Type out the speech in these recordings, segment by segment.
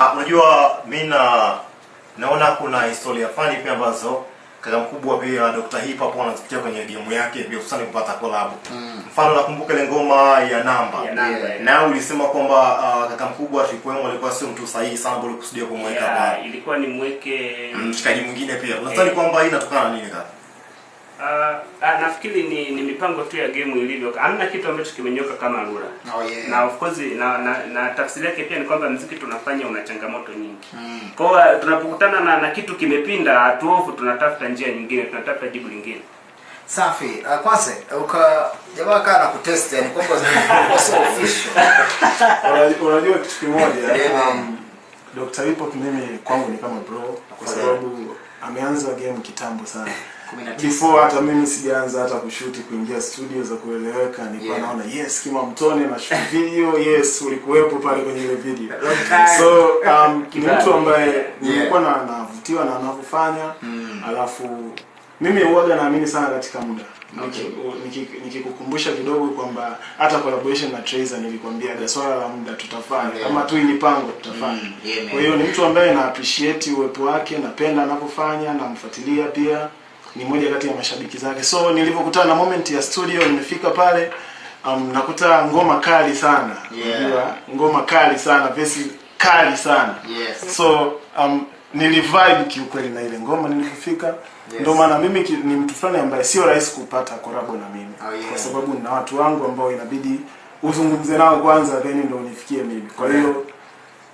Ah, unajua, mi na naona kuna historia fani pia ambazo kaka mkubwa pia Dr. Hip hapo anazipitia kwenye game yake pia hususan kupata collab. Mm. Mfano nakumbuka ile ngoma ya namba. na Yeah. ulisema kwamba uh, kaka mkubwa Tripoemo alikuwa sio mtu sahihi sana bali kusudia kumweka yeah, bali. Ilikuwa ni mweke mm, mshikaji mwingine pia. Eh. Unadhani hey, kwamba hii inatokana na nini kaka? Uh, uh, nafikiri ni, ni mipango tu ya game ilivyo, hamna kitu ambacho kimenyoka kama Rura. Oh, yeah. Na of course na, na, na tafsiri yake pia ni kwamba mziki tunafanya una changamoto nyingi mm. Kwa hiyo uh, tunapokutana na, na kitu kimepinda, hatuofu, tunatafuta njia nyingine, tunatafuta jibu lingine. Safi. Uh, kwanza uka jamaa kana kutest yani kwamba sio official. Unajua kitu kimoja. Yeah. Um, Dr. Wipot mimi kwangu ni kama bro kwa sababu ameanza game kitambo sana. Before hata mimi sijaanza hata kushuti kuingia studio za kueleweka nilikuwa yeah. Naona yes Kima Mtone na shoot video yes, ulikuwepo pale kwenye ile video so um, ni mtu ambaye yeah. nilikuwa na navutiwa na anavyofanya mm. Alafu mimi huaga naamini sana katika muda okay. Nikikukumbusha niki, niki kidogo kwamba hata collaboration na Treza nilikwambia swala la muda tutafanya yeah. Kama tu ilipangwa anachokifanya. Mm, kwa hiyo ni mtu ambaye na appreciate uwepo wake, napenda anapofanya, namfuatilia pia, ni moja kati ya mashabiki zake. So nilipokutana na moment ya studio, nimefika pale um, nakuta ngoma kali sana yeah. ngoma kali sana vesi kali sana yes. so um, nili vibe kiukweli na ile ngoma nilipofika yes. Ndio maana mimi ni mtu fulani ambaye sio rahisi kupata korabo na mimi oh, yeah. kwa sababu nina watu wangu ambao inabidi uzungumze nao kwanza, then ndio unifikie mimi. Kwa hiyo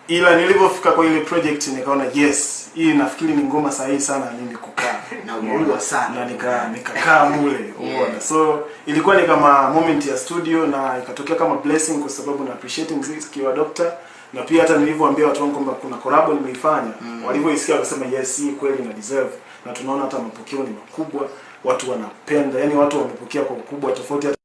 ila nilivyofika kwa ile project nikaona yes, hii nafikiri ni ngoma sahihi sana mimi kukaa na sana na nika nikakaa mule umeona yeah. So ilikuwa ni kama moment ya studio na ikatokea kama blessing, kwa sababu na appreciate mziki wa Doctor na pia hata nilivyoambia watu wangu kwamba kuna collab nimeifanya mm. walivyoisikia wakasema yes, hii kweli na deserve, na tunaona hata mapokeo ni makubwa, watu wanapenda, yani watu wamepokea kwa ukubwa tofauti